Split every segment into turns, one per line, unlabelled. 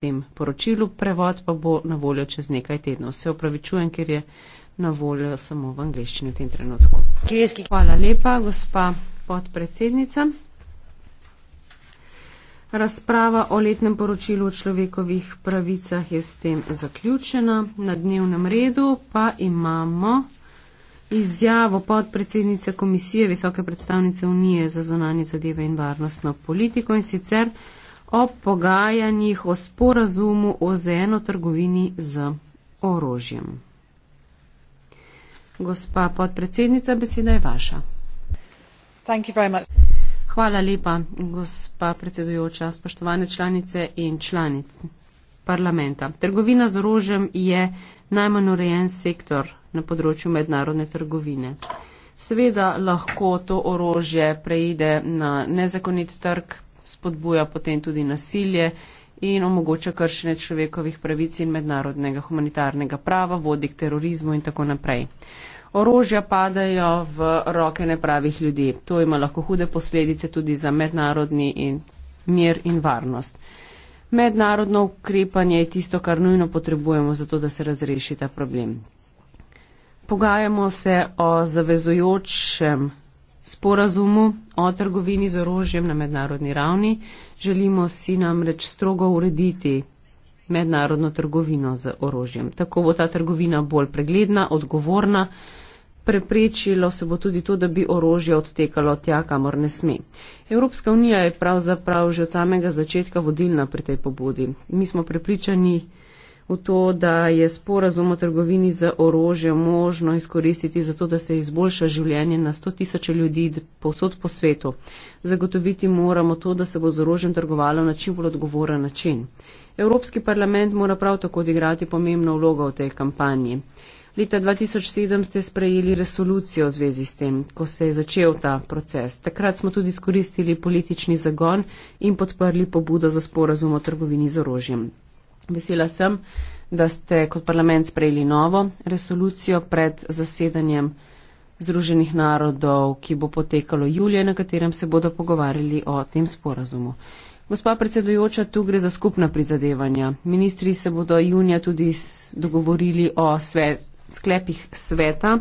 tem poročilu. Prevod pa bo na voljo čez nekaj tednov. Se opravičujem, ker je na voljo samo v angliščini v tem trenutku. Hvala lepa, gospa podpredsednica. Razprava o letnem poročilu o človekovih pravicah je s tem zaključena. Na dnevnem redu pa imamo izjavo podpredsednice Komisije Visoke predstavnice Unije za zonanje zadeve in varnostno politiko in sicer ob pogajanjih o sporazumu o zeno trgovini z orožjem. Gospa podpredsednica, beseda je vaša. Hvala lepa, gospa predsedujoča, spoštovane članice in članic parlamenta. Trgovina z orožjem je najmanj urejen sektor na področju mednarodne trgovine. Seveda lahko to orožje preide na nezakonit trg, spodbuja potem tudi nasilje in omogoča kršenje človekovih pravic in mednarodnega humanitarnega prava, vodi k terorizmu in tako naprej. Orožja padajo v roke nepravih ljudi. To ima lahko hude posledice tudi za mednarodni in mir in varnost. Mednarodno ukrepanje je tisto, kar nujno potrebujemo za to, da se razreši ta problem. Pogajamo se o zavezujočem sporazumu o trgovini z orožjem na mednarodni ravni. Želimo si namreč strogo urediti mednarodno trgovino z orožjem. Tako bo ta trgovina bolj pregledna, odgovorna. Preprečilo se bo tudi to, da bi orožje odtekalo tja, kamor ne sme. Evropska unija je pravzaprav že od samega začetka vodilna pri tej pobudi. Mi smo prepričani, v to, da je sporazum o trgovini za orožje možno izkoristiti za to, da se izboljša življenje na 100 tisoče ljudi povsod po svetu. Zagotoviti moramo to, da se bo z orožjem trgovalo na čim bolj odgovoren način. Evropski parlament mora prav tako odigrati pomembno vlogo v tej kampanji. Leta 2007 ste sprejeli resolucijo v zvezi s tem, ko se je začel ta proces. Takrat smo tudi izkoristili politični zagon in podprli pobudo za sporazum o trgovini z orožjem. Vesela sem, da ste kot parlament sprejeli novo resolucijo pred zasedanjem Združenih narodov, ki bo potekalo julija, na katerem se bodo pogovarjali o tem sporazumu. Gospa predsedujoča, tu gre za skupna prizadevanja. Ministri se bodo junija tudi dogovorili o svet, sklepih sveta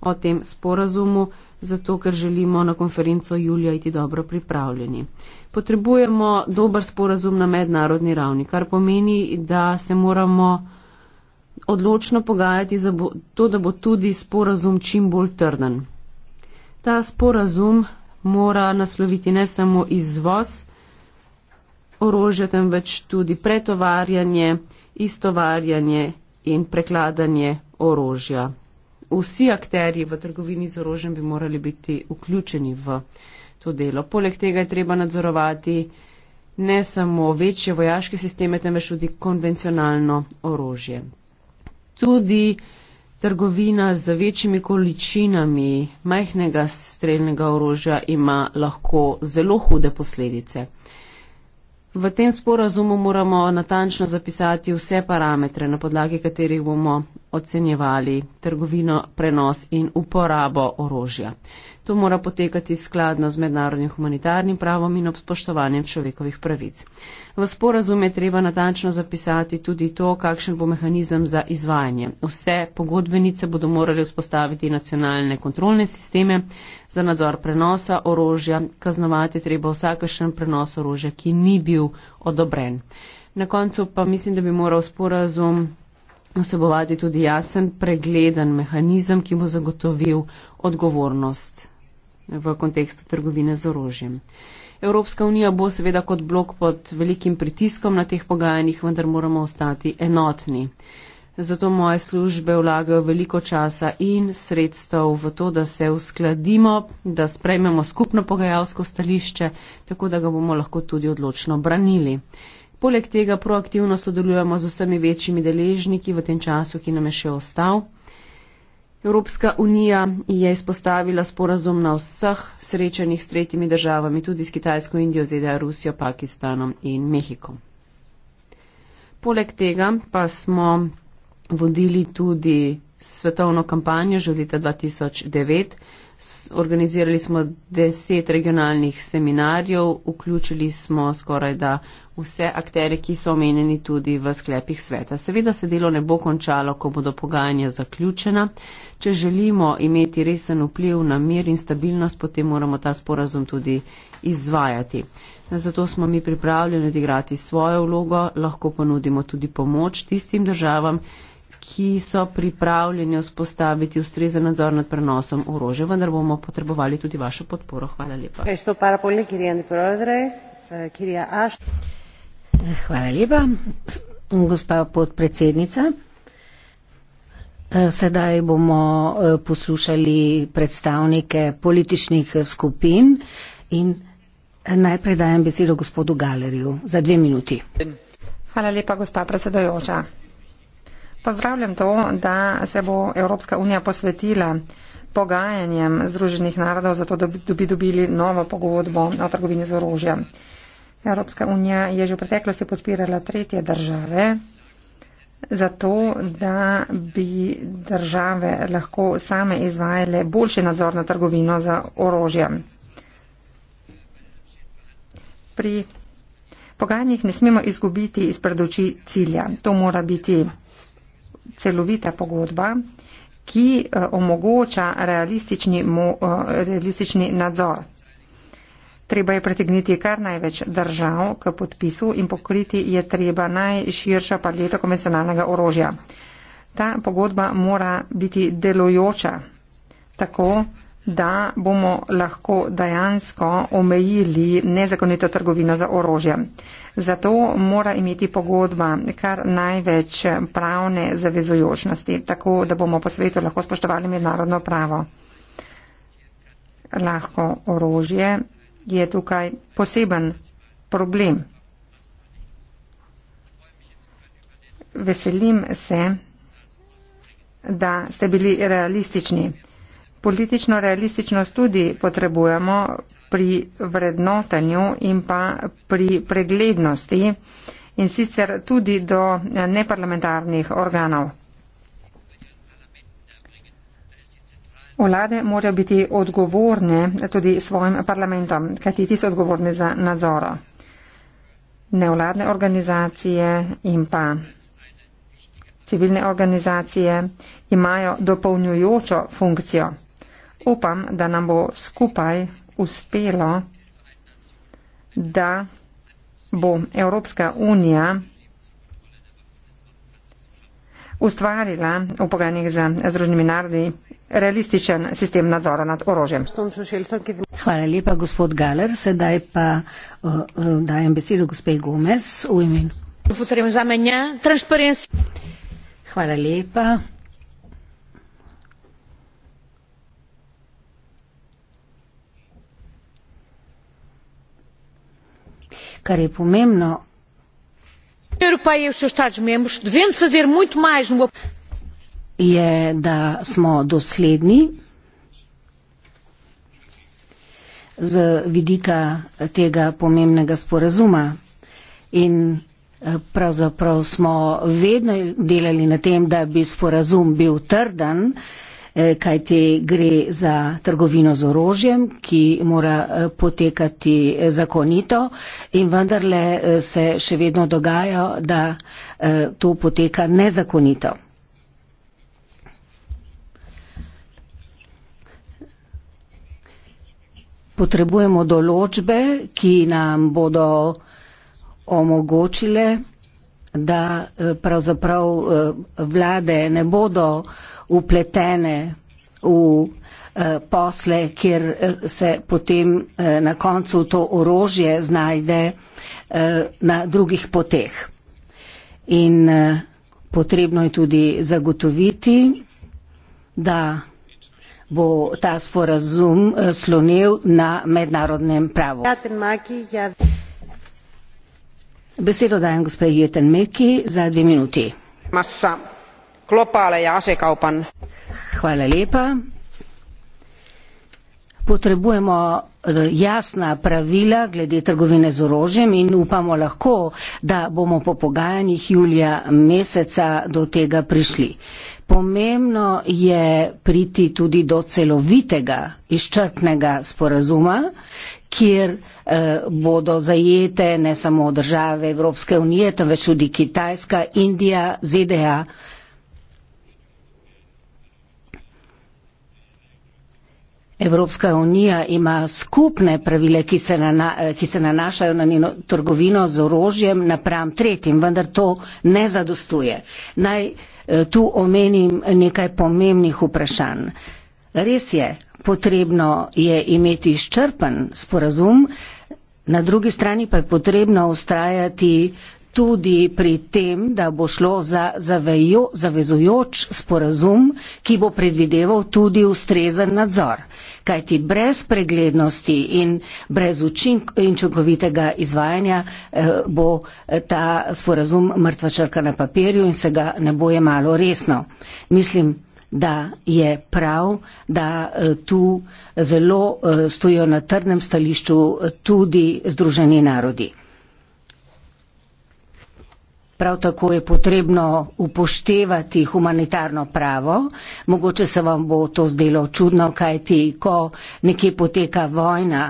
o tem sporazumu zato ker želimo na konferenco julija iti dobro pripravljeni. Potrebujemo dober sporazum na mednarodni ravni, kar pomeni, da se moramo odločno pogajati za bo, to, da bo tudi sporazum čim bolj trden. Ta sporazum mora nasloviti ne samo izvoz orožja, temveč tudi pretovarjanje, istovarjanje in prekladanje orožja vsi akteri v trgovini z orožjem bi morali biti vključeni v to delo. Poleg tega je treba nadzorovati ne samo večje vojaške sisteme, temveč tudi konvencionalno orožje. Tudi trgovina z večjimi količinami majhnega strelnega orožja ima lahko zelo hude posledice. V tem sporazumu moramo natančno zapisati vse parametre, na podlagi katerih bomo ocenjevali trgovino, prenos in uporabo orožja. To mora potekati skladno z mednarodnim humanitarnim pravom in ob spoštovanjem človekovih pravic. V sporazum je treba natančno zapisati tudi to, kakšen bo mehanizem za izvajanje. Vse pogodbenice bodo morali vzpostaviti nacionalne kontrolne sisteme za nadzor prenosa orožja. Kaznovati treba vsakešen prenos orožja, ki ni bil odobren. Na koncu pa mislim, da bi moral sporazum vsebovati tudi jasen, pregleden mehanizem, ki bo zagotovil odgovornost v kontekstu trgovine z orožjem. Evropska unija bo seveda kot blok pod velikim pritiskom na teh pogajanjih, vendar moramo ostati enotni. Zato moje službe vlagajo veliko časa in sredstev v to, da se uskladimo, da sprejmemo skupno pogajalsko stališče, tako da ga bomo lahko tudi odločno branili. Poleg tega proaktivno sodelujemo z vsemi večjimi deležniki v tem času, ki nam je še ostal, Evropska unija je izpostavila sporazum na vseh srečanjih s tretjimi državami, tudi s Kitajsko, Indijo, ZDA, Rusijo, Pakistanom in Mehiko. Poleg tega pa smo vodili tudi svetovno kampanjo že od leta 2009. Organizirali smo deset regionalnih seminarjev, vključili smo skoraj da vse akterje, ki so omenjeni tudi v sklepih sveta. Seveda se delo ne bo končalo, ko bodo pogajanja zaključena. Če želimo imeti resen vpliv na mir in stabilnost, potem moramo ta sporazum tudi izvajati. Zato smo mi pripravljeni odigrati svojo vlogo, lahko ponudimo tudi pomoč tistim državam, ki so pripravljeni vzpostaviti ustrezen nadzor nad prenosom orože, vendar bomo potrebovali tudi vašo podporo. Hvala lepa.
Hvala lepa.
Hvala lepa, gospa podpredsednica. Eh, sedaj bomo eh, poslušali predstavnike političnih skupin in
najprej dajem besedo gospodu Galerju za dve minuti. Hvala lepa, gospa predsedojoča. Pozdravljam to, da se bo Evropska unija posvetila pogajanjem Združenih narodov, zato da bi dobili novo pogodbo o trgovini z orožjem. Evropska unija je že v preteklosti podpirala tretje države zato, da bi države lahko same izvajale boljši nadzor na trgovino za orožje. Pri pogajanjih ne smemo izgubiti iz predoči cilja. To mora biti celovita pogodba, ki eh, omogoča realistični, eh, realistični nadzor treba je pritegniti kar največ držav k podpisu in pokriti je treba najširša paleta konvencionalnega orožja. Ta pogodba mora biti delojoča, tako da bomo lahko dejansko omejili nezakonito trgovino za orožje. Zato mora imeti pogodba kar največ pravne zavezujočnosti, tako da bomo po svetu lahko spoštovali mednarodno pravo. Lahko orožje je tukaj poseben problem. Veselim se, da ste bili realistični. Politično realističnost tudi potrebujemo pri vrednotenju in pa pri preglednosti in sicer tudi do neparlamentarnih organov. Vlade morajo biti odgovorne tudi svojim parlamentom, kajti ti so odgovorni za nadzor. Nevladne organizacije in pa civilne organizacije imajo dopolnjujočo funkcijo. Upam, da nam bo skupaj uspelo, da bo Evropska unija ustvarila v pogajanjih z Združenimi narodi realističen sistem nadzora nad orožjem. Hvala lepa, gospod Galer.
Sedaj pa uh, uh, dajem besedo gospe Gomez v imenu. Hvala lepa. Kar je pomembno, União Europeia e os
seus Estados-membros devendo fazer muito mais no
je, da smo dosledni z vidika tega pomembnega sporazuma in eh, pravzaprav smo vedno delali na tem, da bi sporazum bil trden. Eh, kaj te gre za trgovino z orožjem, ki mora eh, potekati eh, zakonito in vendarle se še vedno dogaja, da to poteka nezakonito. Potrebujemo določbe, ki nam bodo omogočile, da pravzaprav vlade ne bodo uh, upletene v eh, posle, kjer eh, se potem eh, na koncu to orožje znajde na drugih poteh. In potrebno je tudi zagotoviti, da bo ta sporazum slonil na mednarodnem pravu. Besedo dajem gospe Jeten Meki za dve minuti globaaleja
asekaupan.
Hvala lepa. Potrebujemo eh, jasna pravila glede trgovine z orožjem in upamo lahko, da bomo po pogajanjih julija meseca do tega prišli. Pomembno je priti tudi do celovitega, izčrpnega sporazuma, kjer eh, bodo zajete ne samo države Evropske unije, temveč tudi Kitajska, Indija, ZDA. Evropska unija ima skupne pravile, ki se, nana, ki se nanašajo na njeno trgovino z orožjem napram tretjim, vendar to ne zadostuje. Naj eh, tu omenim nekaj pomembnih vprašanj. Res je, potrebno je imeti izčrpen sporazum, na drugi strani pa je potrebno ustrajati uh, tudi pri tem, da bo šlo za zavejo, zavezujoč sporazum, ki bo predvideval tudi ustrezen nadzor. Kajti brez preglednosti in brez učinkovitega izvajanja eh, bo eh, ta sporazum mrtva črka na papirju in se ga ne bo jemalo resno. Mislim, da je prav, da eh, tu zelo stojijo na trdnem stališču tudi Združeni narodi prav tako je potrebno upoštevati humanitarno pravo. Mogoče se vam bo to zdelo čudno, kajti ko nekje poteka vojna,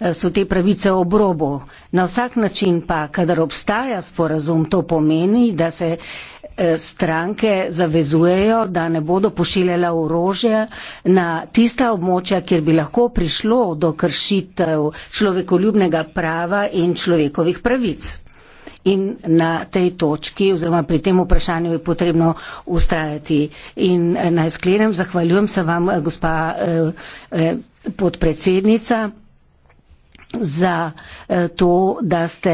eh, so te pravice ob robu. Na vsak način pa, kadar obstaja sporazum, to pomeni, da se eh, stranke zavezujejo, da ne bodo pošiljala orožja na tista območja, kjer bi lahko prišlo do kršitev človekoljubnega prava in človekovih pravic in na tej točki oziroma pri tem vprašanju je potrebno ustrajati. In eh, naj sklenem, zahvaljujem se vam, eh, gospa eh, podpredsednica za to, da ste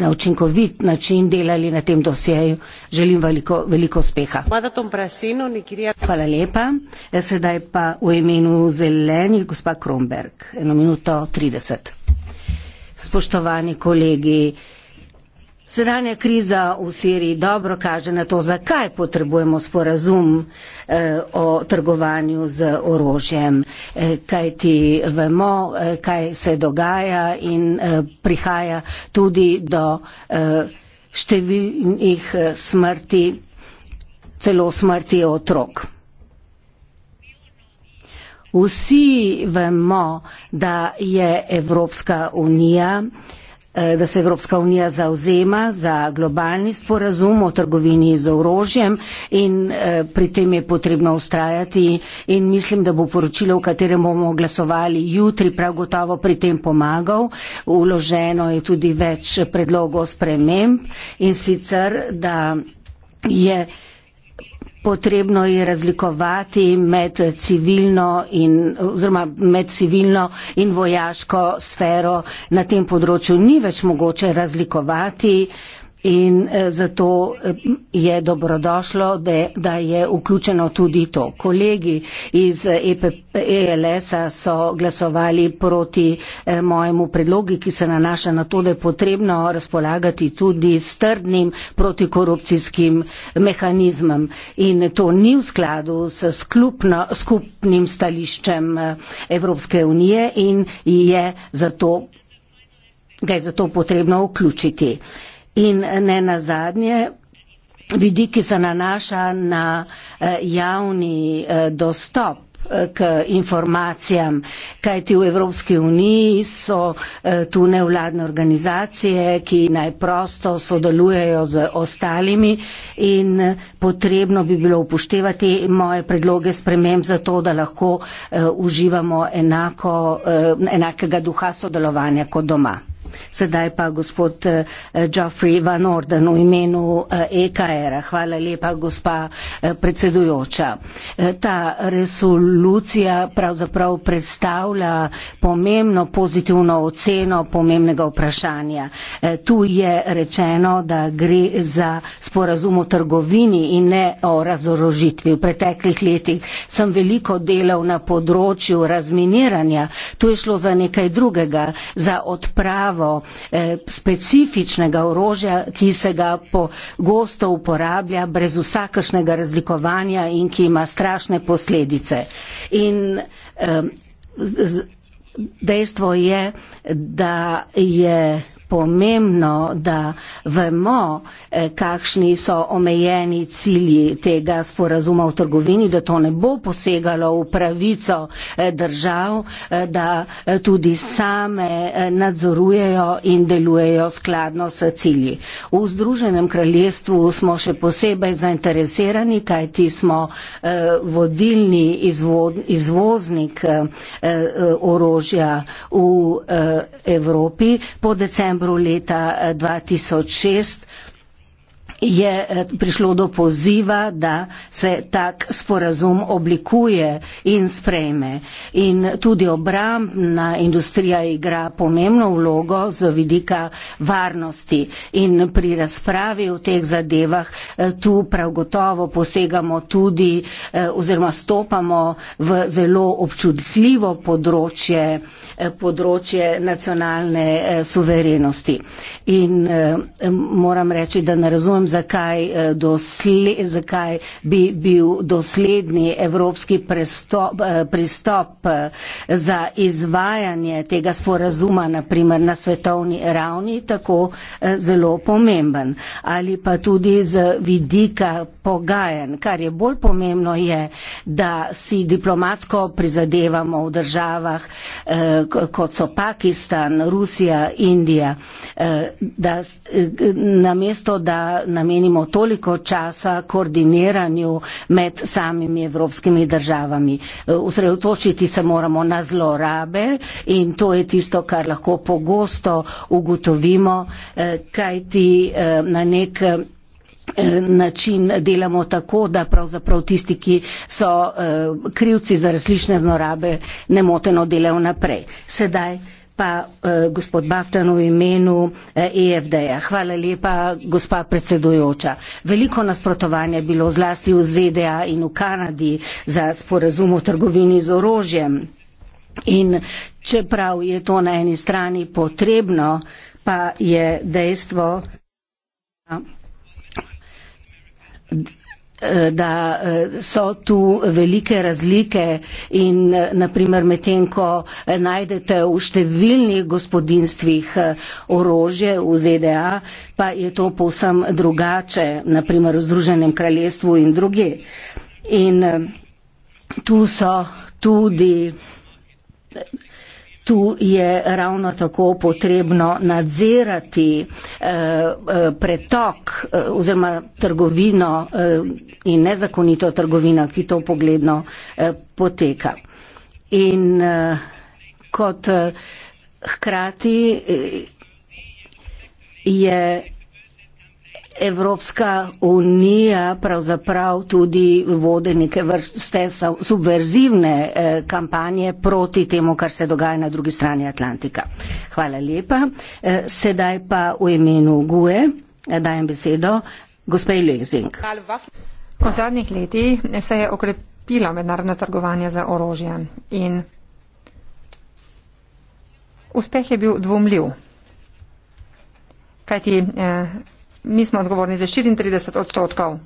na učinkovit način delali na tem dosjeju. Želim veliko, veliko uspeha. Hvala lepa. Sedaj pa v imenu zelenih gospa Kromberg. Eno minuto trideset. Spoštovani kolegi, Sedanja kriza v Siriji dobro kaže na to, zakaj potrebujemo sporazum eh, o trgovanju z orožjem, eh, kaj ti vemo, eh, kaj se dogaja in prihaja tudi do številnih smrti, celo smrti otrok. Vsi vemo, da je Evropska unija eh, Eh, da se Evropska unija zauzema za globalni sporazum o trgovini z orožjem in eh, pri tem je potrebno ustrajati in mislim, da bo poročilo, v katerem bomo glasovali jutri, prav gotovo pri tem pomagal. Uloženo je tudi več predlogov sprememb in sicer, da je Potrebno je razlikovati med civilno, in, med civilno in vojaško sfero. Na tem področju ni več mogoče razlikovati in eh, zato eh, je dobrodošlo, da je vključeno tudi to. Kolegi iz ELS-a eh, e e so glasovali proti mojemu predlogi, ki se nanaša na to, da je potrebno razpolagati tudi s trdnim protikorupcijskim mehanizmem in to ni v skladu s skupno, skupnim stališčem Evropske unije in je zato, ga je zato potrebno vključiti. In ne nazadnje, vidik, ki se nanaša na eh, javni eh, dostop eh, k informacijam, kajti v Evropski uniji so tu nevladne organizacije, ki najprosto sodelujejo z ostalimi in potrebno bi bilo upoštevati moje predloge sprememb za to, da lahko uživamo enako, enakega duha sodelovanja kot doma. Sedaj pa gospod eh, Geoffrey Van Orden v imenu EKR. Eh, e -a. Hvala lepa, gospa eh, predsedujoča. Ta resolucija pravzaprav predstavlja pomembno pozitivno oceno pomembnega vprašanja. Tu je rečeno, da gre za sporazum o trgovini in ne o razorožitvi. V preteklih letih sem veliko delal na področju razminiranja. Tu je šlo za nekaj drugega, za odpravo pripravo eh, specifičnega orožja, ki se ga pogosto uporablja brez vsakršnega razlikovanja in ki ima strašne posledice. In, eh, z, Dejstvo je, da je pomembno, da vemo, eh, kakšni so omejeni cilji tega sporazuma v trgovini, da to ne bo posegalo v pravico eh, držav, eh, da tudi same nadzorujejo in delujejo skladno s cilji. V Združenem kraljestvu smo še posebej zainteresirani, kajti smo vodilni izvoznik orožja v Evropi po decembru decembru leta 2006 eh, je eh, prišlo do poziva, da se tak sporazum oblikuje in sprejme. In tudi obrambna industrija igra pomembno vlogo z vidika varnosti. In pri razpravi o teh zadevah eh, tu prav gotovo posegamo tudi oziroma stopamo v zelo občutljivo področje eh, Eh, področje nacionalne eh, suverenosti. In eh, moram reči, da ne razumem, zakaj, dosle, zakaj bi bil dosledni evropski prestop, pristop za izvajanje tega sporazuma, naprimer na svetovni ravni, tako zelo pomemben. Ali pa tudi z vidika pogajanj, kar je bolj pomembno, je, da si diplomatsko prizadevamo v državah, kot so Pakistan, Rusija, Indija, eh, da eh, namesto, da namenimo toliko časa koordiniranju med samimi evropskimi državami, usredotočiti eh, se moramo na zlorabe in to je tisto, kar lahko pogosto ugotovimo, kaj ti na nek način način delamo tako, da pravzaprav tisti, ki so eh, krivci za različne zlorabe, nemoteno delajo naprej. Sedaj pa eh, gospod Baftan v imenu eh, EFD-ja. Hvala lepa, gospa predsedujoča. Veliko nasprotovanja je bilo zlasti v ZDA in v Kanadi za sporazum o trgovini z orožjem. In čeprav je to na eni strani potrebno, pa je dejstvo da eh, so tu velike razlike in eh, naprimer medtem, ko eh, najdete v številnih gospodinstvih orožje v ZDA, pa je to povsem drugače, naprimer v Združenem kraljestvu in druge. In tu so tudi tu je ravno tako potrebno nadzirati eh, eh, pretok eh, oziroma trgovino eh, in nezakonito trgovino, ki to pogledno eh, poteka. In eh, kot eh, hkrati eh, je. Evropska unija pravzaprav tudi vode neke vrste subverzivne eh, kampanje proti temu, kar se dogaja na drugi strani Atlantika. Hvala lepa. Eh, sedaj pa v imenu GUE eh, dajem besedo gospej
Lezing. Po zadnjih letih se je okrepilo mednarodno trgovanje za orožje in uspeh je bil dvomljiv. Kajti eh, Mi smo odgovorni za 34 odstotkov.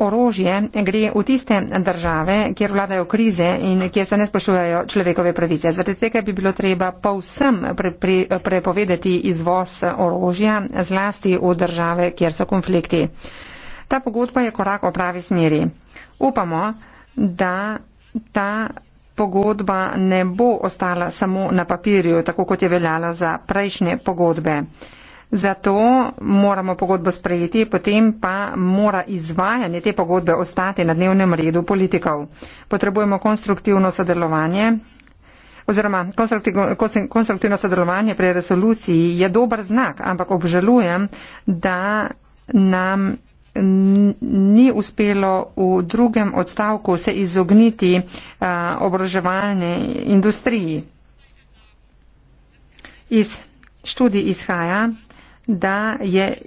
Orožje gre v tiste države, kjer vladajo krize in kjer se ne spoštujejo človekove pravice. Zaradi tega bi bilo treba povsem pre, pre, prepovedati izvoz orožja, zlasti v države, kjer so konflikti. Ta pogodba je korak v pravi smeri. Upamo, da ta pogodba ne bo ostala samo na papirju, tako kot je veljala za prejšnje pogodbe. Zato moramo pogodbo sprejeti, potem pa mora izvajanje te pogodbe ostati na dnevnem redu politikov. Potrebujemo konstruktivno sodelovanje. Oziroma, konstruktivno sodelovanje pri resoluciji je dober znak, ampak obžalujem, da nam ni uspelo v drugem odstavku se izogniti obroževalni industriji. Iz študij izhaja, da je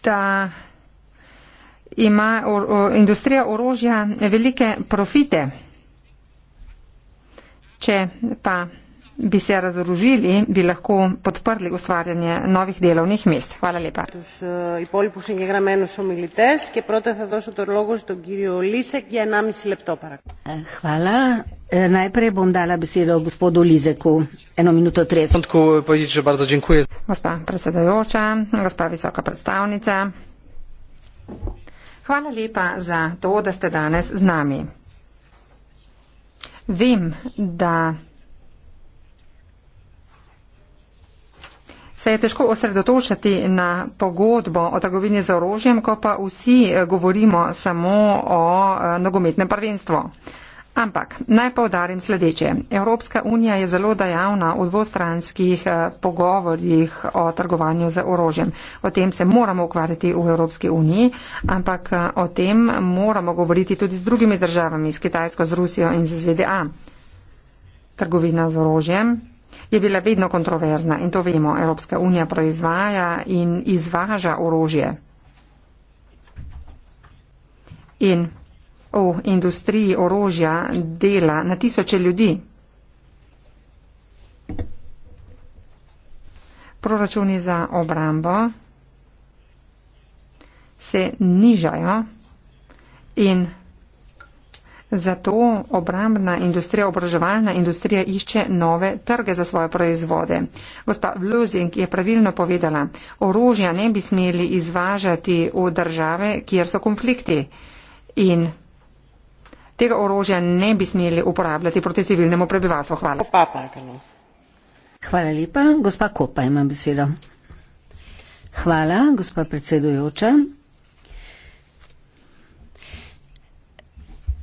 ta ima or, o, industrija orožja velike profite. Če pa bi se razoružili, bi lahko podprli ustvarjanje novih delovnih mest. Hvala lepa. Hvala.
Eh, najprej bom dala besedo gospodu Lizeku. Eno minuto trest.
Gospa predsedajoča, gospa visoka predstavnica. Hvala lepa za to, da ste danes z nami. Vem, da se je težko osredotočiti na pogodbo o trgovini z orožjem, ko pa vsi eh, govorimo samo o eh, nogometnem prvenstvu. Ampak naj povdarim sledeče. Evropska unija je zelo dejavna v dvostranskih eh, pogovorjih o trgovanju z orožjem. O tem se moramo ukvarjati v Evropski uniji, ampak o tem moramo govoriti tudi z drugimi državami, s Kitajsko, z Rusijo in z ZDA. Trgovina z orožjem je bila vedno kontroverzna in to vemo. Evropska unija proizvaja in izvaža orožje. In v industriji orožja dela na tisoče ljudi. Proračuni za obrambo se nižajo in Zato obrambna industrija, obroževalna industrija išče nove trge za svoje proizvode. Gospa Vlozing je pravilno povedala, orožja ne bi smeli izvažati v države, kjer so konflikti in tega orožja ne bi smeli uporabljati proti civilnemu prebivalstvu. Hvala. Hvala lepa. Gospa
Kopa ima besedo. Hvala, gospa predsedujoča.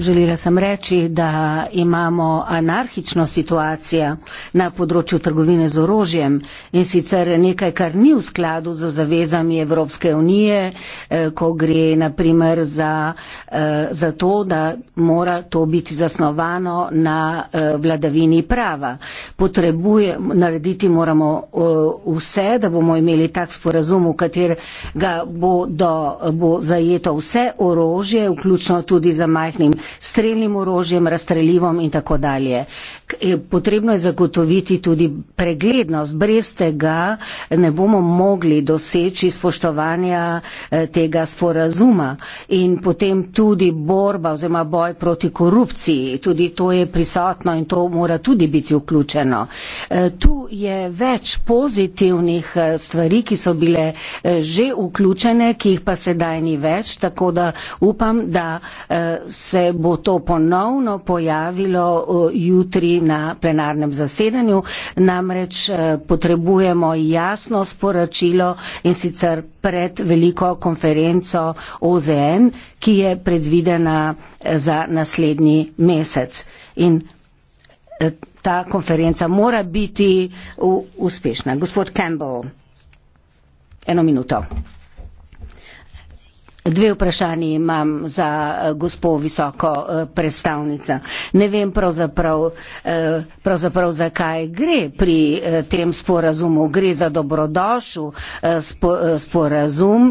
Želela sem reči, da imamo anarhično situacijo na področju trgovine z orožjem in sicer nekaj, kar ni v skladu z zavezami Evropske unije, eh, ko gre naprimer za, eh, za to, da mora to biti zasnovano na eh, vladavini prava. Potrebuje, narediti moramo vse, da bomo imeli tak sporazum, v katerega bo, do, bo zajeto vse orožje, vključno tudi za majhnim strelnim orožjem, razstrelivom in tako dalje. Eh, potrebno je zagotoviti tudi preglednost, brez tega ne bomo mogli doseči spoštovanja eh, tega sporazuma in potem tudi borba oziroma boj proti korupciji, tudi to je prisotno in to mora tudi biti vključeno. Eh, tu je več pozitivnih stvari, ki so bile že vključene, ki jih pa sedaj ni več, tako da upam, da se bo to ponovno pojavilo jutri na plenarnem zasedanju. Namreč eh, potrebujemo jasno sporočilo in sicer pred veliko konferenco OZN, ki je predvidena eh, za naslednji mesec. In eh, ta konferenca mora biti uspešna. Gospod Campbell, eno minuto. Dve vprašanje imam za eh, gospo visoko eh, predstavnica. Ne vem pravzaprav, eh, pravzaprav zakaj gre pri tem sporazumu. Gre za dobrodošu sporazum.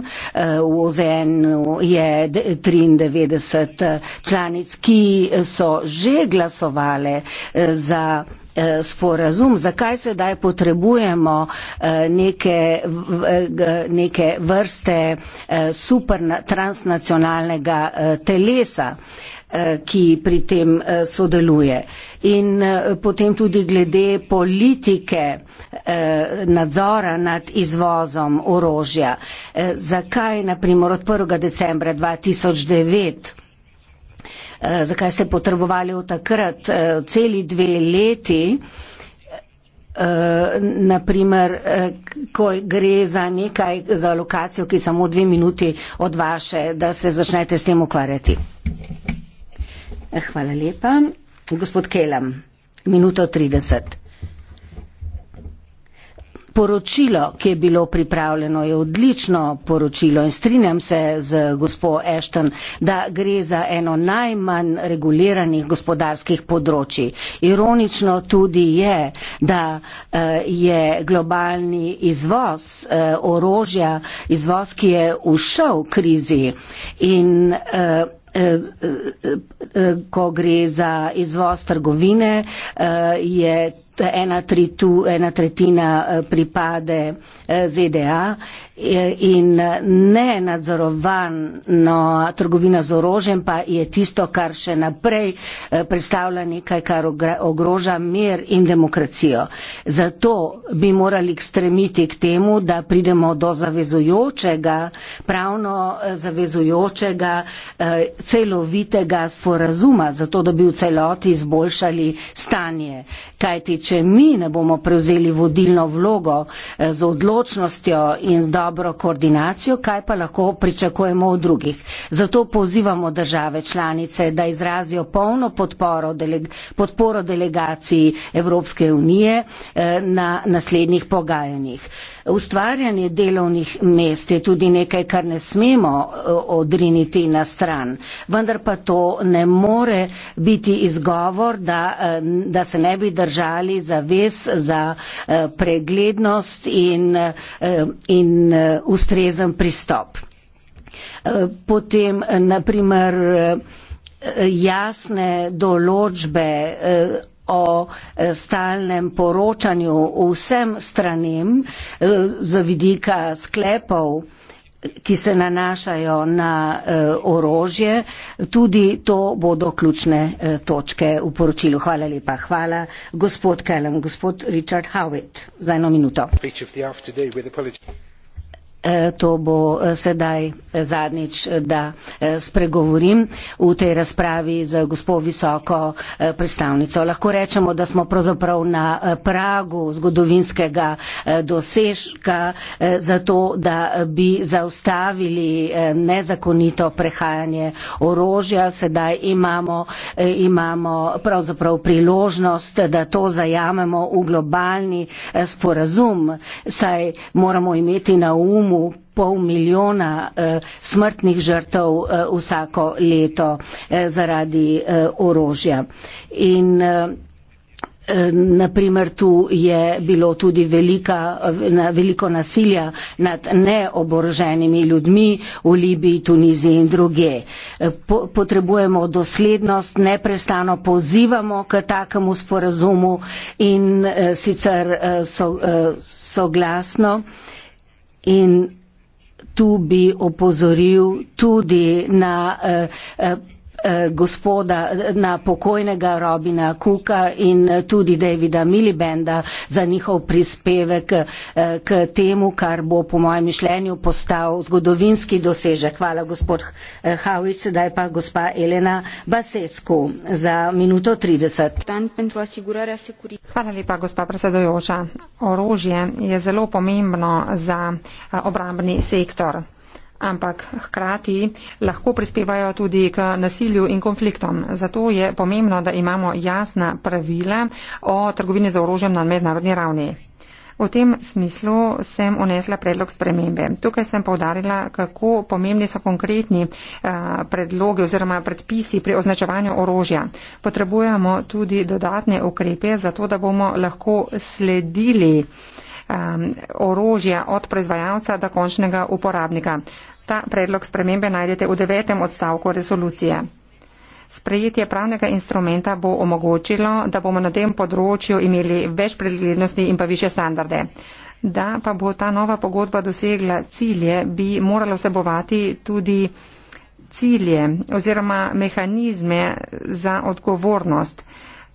V OZN-u je 93 članic, ki so že glasovale za sporazum. Zakaj sedaj potrebujemo neke, neke vrste superna transnacionalnega eh, telesa, eh, ki pri tem eh, sodeluje. In potem tudi glede politike nadzora nad izvozom orožja. Zakaj, naprimer, od 1. decembra 2009? Zakaj ste potrebovali od takrat celi dve leti? uh, eh, naprimer, uh, eh, ko gre za nekaj, za lokacijo, ki je samo dve minuti od vaše, da se začnete s tem ukvarjati. Eh, hvala lepa. Gospod Kelem, minuto 30 poročilo, ki je bilo pripravljeno, je odlično poročilo in strinjam se z gospod Ashton, da gre za eno najmanj reguliranih gospodarskih področji. Ironično tudi je, da eh, je globalni izvoz eh, orožja, izvoz, ki je ušel krizi in eh, ko gre za izvoz trgovine, je ena, tri, tu, ena tretjina eh, pripade eh, ZDA, in ne nadzorovano trgovina z orožjem pa je tisto, kar še naprej eh, predstavlja nekaj, kar ogroža mir in demokracijo. Zato bi morali stremiti k temu, da pridemo do zavezujočega, pravno eh, zavezujočega, eh, celovitega sporazuma, zato da bi v celoti izboljšali stanje. Kajti, če mi ne bomo prevzeli vodilno vlogo z odločnostjo in z dobro, dobro koordinacijo, kaj pa lahko pričakujemo od drugih. Zato pozivamo države članice, da izrazijo polno podporo, deleg podporo delegaciji Evropske unije eh, na naslednjih pogajanjih. Ustvarjanje delovnih mest je tudi nekaj, kar ne smemo eh, odriniti na stran, vendar pa to ne more biti izgovor, da, eh, da se ne bi držali zaves za preglednost in, in uh, ustrezen pristop. Uh, potem, uh, eh, naprimer, uh, jasne določbe uh, o stalnem poročanju vsem stranem za vidika sklepov, ki se nanašajo na orožje, tudi to bodo ključne točke v poročilu. Hvala lepa. Hvala gospod Kellem, gospod Richard Howitt za eno minuto. Eh, to bo eh, sedaj eh, zadnjič, da spregovorim v tej razpravi z gospo visoko predstavnico. Lahko rečemo, da smo pravzaprav na pragu zgodovinskega dosežka za to, da bi zaustavili nezakonito prehajanje orožja. Sedaj imamo, imamo pravzaprav priložnost, da to zajamemo v globalni sporazum, saj moramo imeti na umu, sumu pol milijona eh, smrtnih žrtev eh, vsako leto eh, zaradi eh, orožja. In, eh, eh Naprimer, tu je bilo tudi velika, veliko nasilja nad neoboroženimi ljudmi v Libiji, Tuniziji in druge. Eh, potrebujemo doslednost, neprestano pozivamo k takemu sporazumu in eh, sicer so, soglasno. In tu bi opozoril tudi na eh, eh Eh, gospoda, na pokojnega Robina Kuka in tudi Davida Milibenda za njihov prispevek eh, k temu, kar bo po mojem mišljenju postal zgodovinski dosežek. Hvala gospod eh, Havič, daj pa gospa Elena Basesku za
minuto 30. Hvala lepa gospa predsedojoča. Orožje je zelo pomembno za obrambni sektor ampak hkrati lahko prispevajo tudi k nasilju in konfliktom. Zato je pomembno, da imamo jasna pravila o trgovini za orožjem na mednarodni ravni. V tem smislu sem unesla predlog spremembe. Tukaj sem povdarila, kako pomembni so konkretni eh, predlogi oziroma predpisi pri označevanju orožja. Potrebujemo tudi dodatne ukrepe, zato da bomo lahko sledili eh, orožja od proizvajalca do končnega uporabnika. Ta predlog spremembe najdete v devetem odstavku rezolucije. Sprejetje pravnega instrumenta bo omogočilo, da bomo na tem področju imeli več predglednosti in pa više standarde. Da pa bo ta nova pogodba dosegla cilje, bi moralo vsebovati tudi cilje oziroma mehanizme za odgovornost.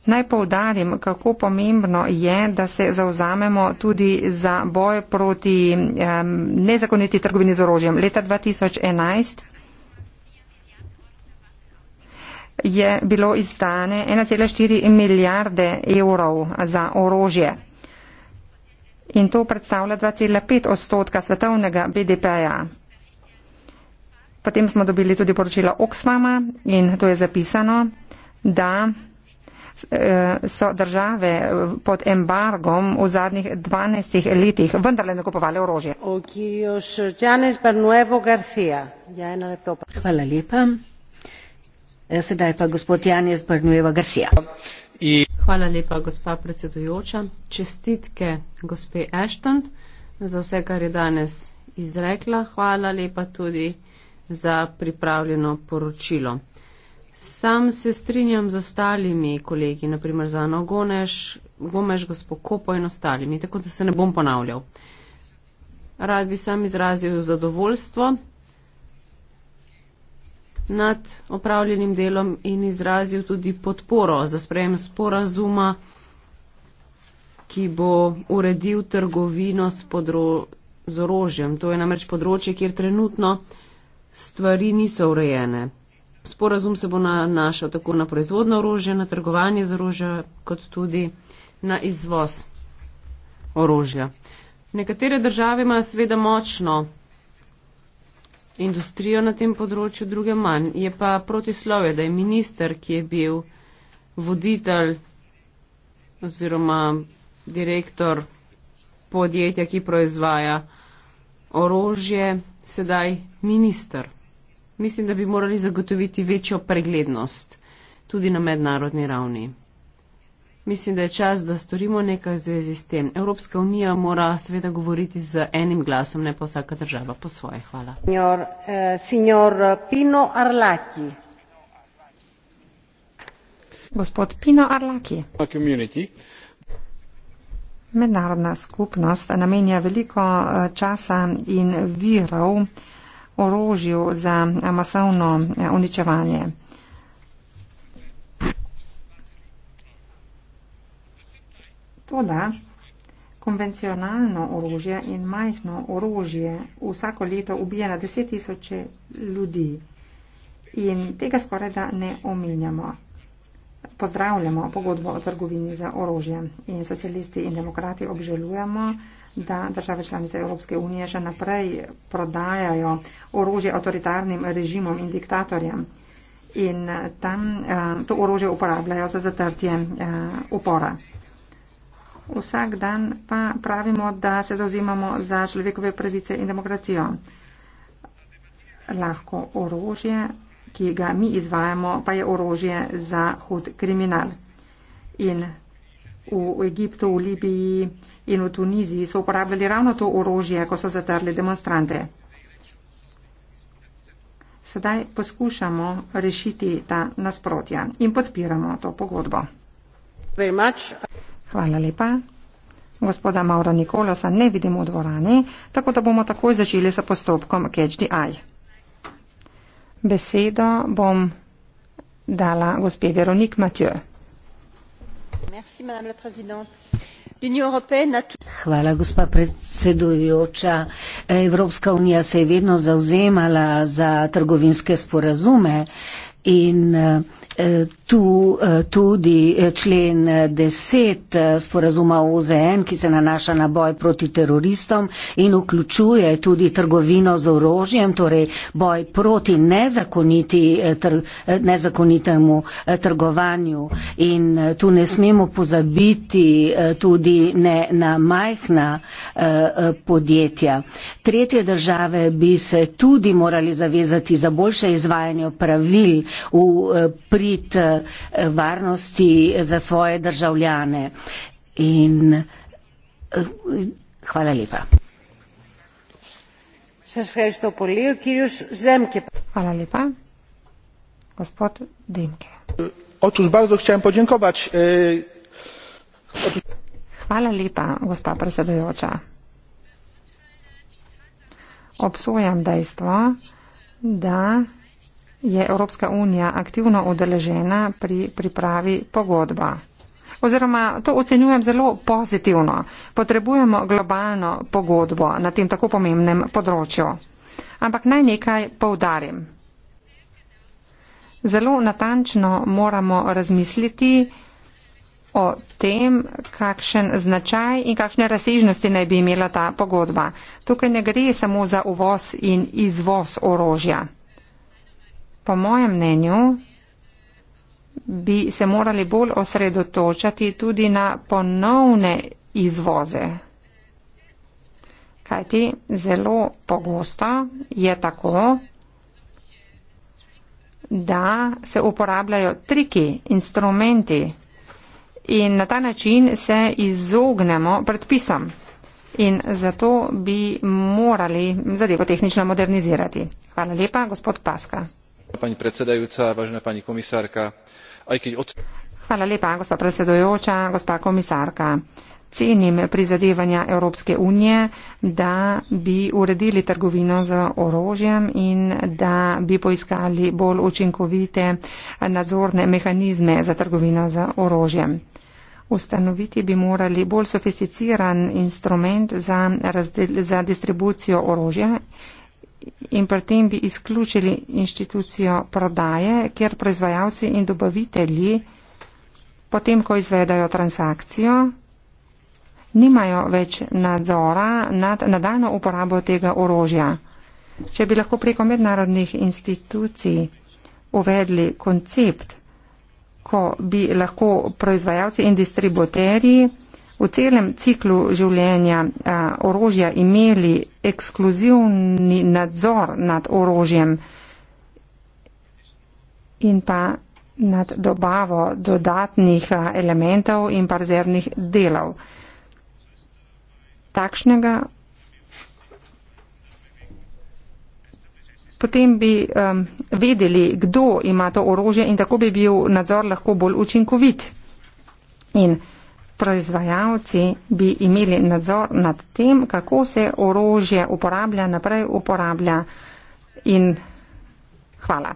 Naj povdarim, kako pomembno je, da se zauzamemo tudi za boj proti um, nezakoniti trgovini z orožjem. Leta 2011 je bilo izdane 1,4 milijarde evrov za orožje. In to predstavlja 2,5 odstotka svetovnega BDP-ja. Potem smo dobili tudi poročilo Oxfama in to je zapisano, da Eh, so države eh, pod embargom v zadnjih 12 letih vendarle nakupovali orožje.
Hvala lepa. Eh, sedaj pa gospod Janez Barnueva Garcia.
Hvala lepa, gospa predsedujoča. Čestitke gospe Ashton za vse, kar je danes izrekla. Hvala lepa tudi za pripravljeno poročilo. Sam se strinjam z ostalimi kolegi, naprimer za Ano Goneš, Gomeš, gospod Kopo in ostalimi, tako da se ne bom ponavljal. Rad bi sam izrazil zadovoljstvo nad opravljenim delom in izrazil tudi podporo za sprejem sporazuma, ki bo uredil trgovino z, podro, z orožjem. To je namreč področje, kjer trenutno stvari niso urejene. Sporazum se bo nanašal tako na proizvodno orožje, na trgovanje z orožjem, kot tudi na izvoz orožja. Nekatere države imajo seveda močno industrijo na tem področju, druge manj. Je pa protislove, da je minister, ki je bil voditelj oziroma direktor podjetja, ki proizvaja orožje, sedaj minister mislim, da bi morali zagotoviti večjo preglednost tudi na mednarodni ravni. Mislim, da je čas, da storimo nekaj v zvezi s tem. Evropska unija mora seveda govoriti z enim glasom, ne pa vsaka država po svoje. Hvala.
Signor,
eh, signor Pino Arlaki. Gospod Pino Arlaki.
Community.
Mednarodna skupnost namenja veliko eh, časa in virov orožju za eh, masovno eh, uničevanje. Toda konvencionalno orožje in majhno orožje vsako leto ubija na deset tisoče ljudi in tega skoraj da ne omenjamo. Pozdravljamo pogodbo o trgovini za orožje in socialisti in demokrati obžalujemo, da države članice Evropske unije še naprej prodajajo orožje avtoritarnim režimom in diktatorjem. In tam uh, to orožje uporabljajo za zatrtje uh, upora. Vsak dan pa pravimo, da se zauzimamo za človekove pravice in demokracijo. Lahko orožje, ki ga mi izvajamo, pa je orožje za hud kriminal. In v Egiptu, v Libiji, uh, in v Tuniziji so uporabljali ravno to orožje, ko so zatrli demonstrante. Sedaj poskušamo rešiti ta nasprotja in podpiramo to pogodbo. Hvala lepa. Gospoda Mauro Nikolosa ne vidimo v dvorani, tako da bomo takoj začeli sa postopkom KHDI. Besedo bom dala gospe Veronik Matjo.
Merci, madame la présidente. Hvala, gospa predsedujoča. Evropska unija se je vedno zauzemala za trgovinske sporazume in uh, Eh, tu eh, tudi eh, člen 10 sporazuma OZN, ki se nanaša na boj proti teroristom in vključuje tudi trgovino z orožjem, torej boj proti tr, nezakonitemu trgovanju. In tu ne smemo pozabiti tudi ne na majhna podjetja. Tretje države bi se tudi morali zavezati za boljše izvajanje pravil v pri prid eh, varnosti za svoje državljane. In eh,
hvala lepa. Hvala lepa. Gospod Denke. Otuž, bardzo chciałem podziękować. E, hvala lepa, gospa predsedujoča. Obsojam dejstvo, da je Evropska unija aktivno udeležena pri pripravi pogodba. Oziroma, to ocenjujem zelo pozitivno. Potrebujemo globalno pogodbo na tem tako pomembnem področju. Ampak naj nekaj poudarim. Zelo natančno moramo razmisliti o tem, kakšen značaj in kakšne razsežnosti naj bi imela ta pogodba. Tukaj ne gre samo za uvoz in izvoz orožja po mojem mnenju, bi se morali bolj osredotočati tudi na ponovne izvoze. Kajti zelo pogosto je tako, da se uporabljajo triki, instrumenti in na ta način se izognemo predpisom. In zato bi morali zadevo tehnično modernizirati. Hvala lepa, gospod Paska. Hvala lepa, gospa predsedujoča, gospa komisarka. Cenim prizadevanja Evropske unije, da bi uredili trgovino z orožjem in da bi poiskali bolj učinkovite nadzorne mehanizme za trgovino z orožjem. Ustanoviti bi morali bolj sofisticiran instrument za, za distribucijo orožja in pri tem bi izključili inštitucijo prodaje, kjer proizvajalci in dobavitelji, potem ko izvedajo transakcijo, nimajo več nadzora nad nadaljno uporabo tega orožja. Če bi lahko preko mednarodnih institucij uvedli koncept, ko bi lahko proizvajalci in distributerji v celem ciklu življenja a, orožja imeli ekskluzivni nadzor nad orožjem in pa nad dobavo dodatnih elementov in parzernih delov. Takšnega potem bi um, vedeli, kdo ima to orožje in tako bi bil nadzor lahko bolj učinkovit. In proizvajalci bi imeli nadzor nad tem, kako se orožje uporablja, naprej uporablja in hvala.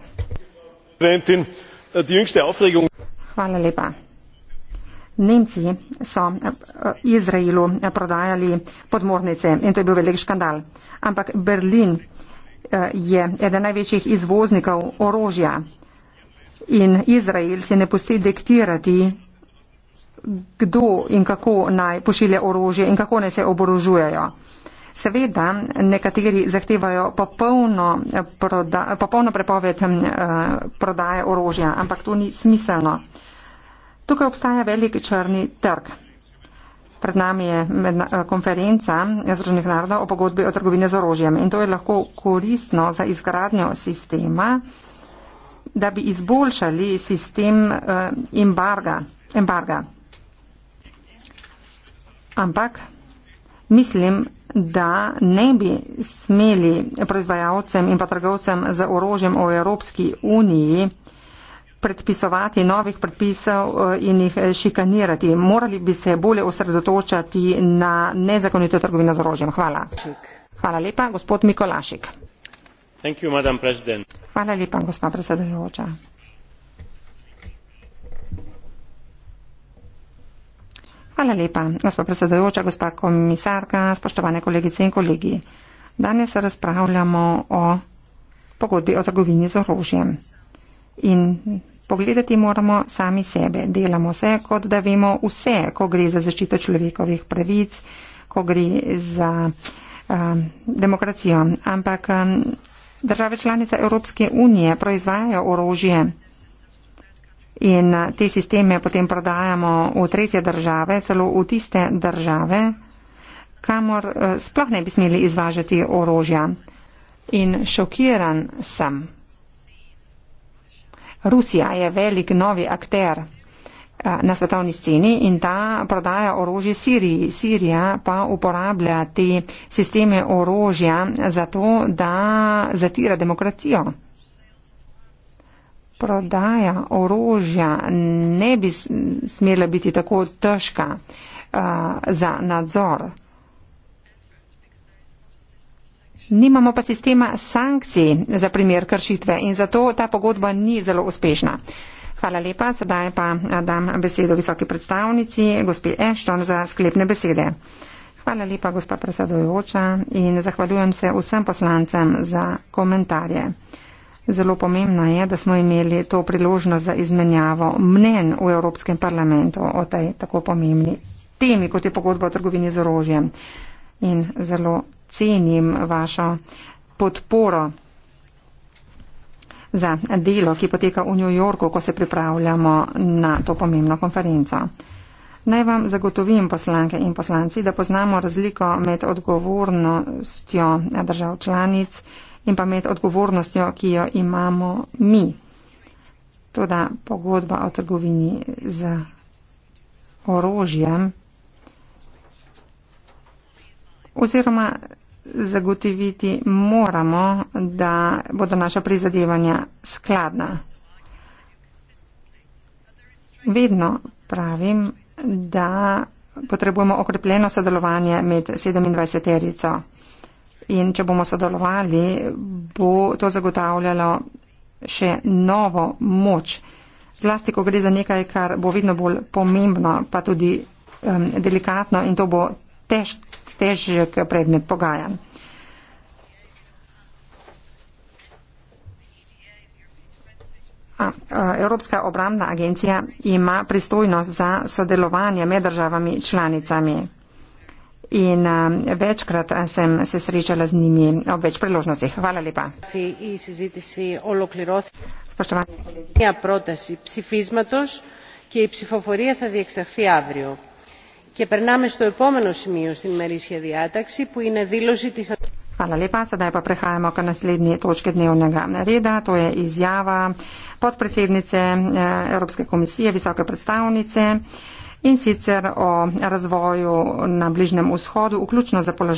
Hvala lepa. Nemci so eh, Izraelu prodajali podmornice in to je bil velik škandal. Ampak Berlin eh, je eden največjih izvoznikov orožja in Izrael se ne pusti diktirati kdo in kako naj pošilja orožje in kako naj se oborožujejo. Seveda, nekateri zahtevajo popolno, proda, popolno prepoved eh, prodaje orožja, ampak to ni smiselno. Tukaj obstaja velik črni trg. Pred nami je eh, konferenca Združenih narodov o pogodbi o trgovini z orožjem in to je lahko koristno za izgradnjo sistema, da bi izboljšali sistem eh, embarga. embarga ampak mislim, da ne bi smeli proizvajalcem in pa trgovcem z orožjem v Evropski uniji predpisovati novih predpisov eh, in jih eh, šikanirati. Morali bi se bolje osredotočati na nezakonito trgovino z orožjem. Hvala. Hvala lepa, gospod Mikolašik. Hvala lepa, gospod predsedujoča. Hvala lepa, gospod predsedujoča, gospa komisarka, spoštovane kolegice in kolegi. Danes razpravljamo o pogodbi o trgovini z orožjem. In pogledati moramo sami sebe. Delamo se, kot da vemo vse, ko gre za zaščito človekovih pravic, ko gre za um, demokracijo. Ampak um, države članice Evropske unije proizvajajo orožje in eh, te sisteme potem prodajamo v tretje države, celo v tiste države, kamor eh, sploh ne bi smeli izvažati orožja. In šokiran sem. Rusija je velik novi akter eh, na svetovni sceni in ta prodaja orožje Siriji. Sirija pa uporablja te sisteme orožja zato, da zatira demokracijo prodaja orožja ne bi smela biti tako težka uh, za nadzor. Nimamo pa sistema sankcij za primer kršitve in zato ta pogodba ni zelo uspešna. Hvala lepa, sedaj pa uh, dam besedo visoki predstavnici, gospi Ešton, za sklepne besede. Hvala lepa, gospa predsedojoča, in zahvaljujem se vsem poslancem za komentarje. Zelo pomembno je, da smo imeli to priložnost za izmenjavo mnen v Evropskem parlamentu o tej tako pomembni temi, kot je pogodba o trgovini z orožjem. In zelo cenim vašo podporo za delo, ki poteka v New Yorku, ko se pripravljamo na to pomembno konferenco. Naj vam zagotovim, poslanke in poslanci, da poznamo razliko med odgovornostjo držav članic in pa med odgovornostjo, ki jo imamo mi. Toda pogodba o trgovini z orožjem oziroma zagotoviti moramo, da bodo naša prizadevanja skladna. Vedno pravim, da potrebujemo okrepljeno sodelovanje med 27. -erico in če bomo sodelovali, bo to zagotavljalo še novo moč. Zlasti, ko gre za nekaj, kar bo vedno bolj pomembno, pa tudi um, delikatno in to bo tež, težek predmet pogajanj. A, Evropska obramna agencija ima pristojnost za sodelovanje med državami članicami in eh, večkrat eh, sem se srečala z njimi ob več priložnostih. Hvala lepa.
Hvala
lepa. Sedaj pa prehajamo k naslednji točki dnevnega reda. To je izjava podpredsednice eh, Evropske komisije, visoke predstavnice in sicer o razvoju na Bližnjem vzhodu, vključno za položaj.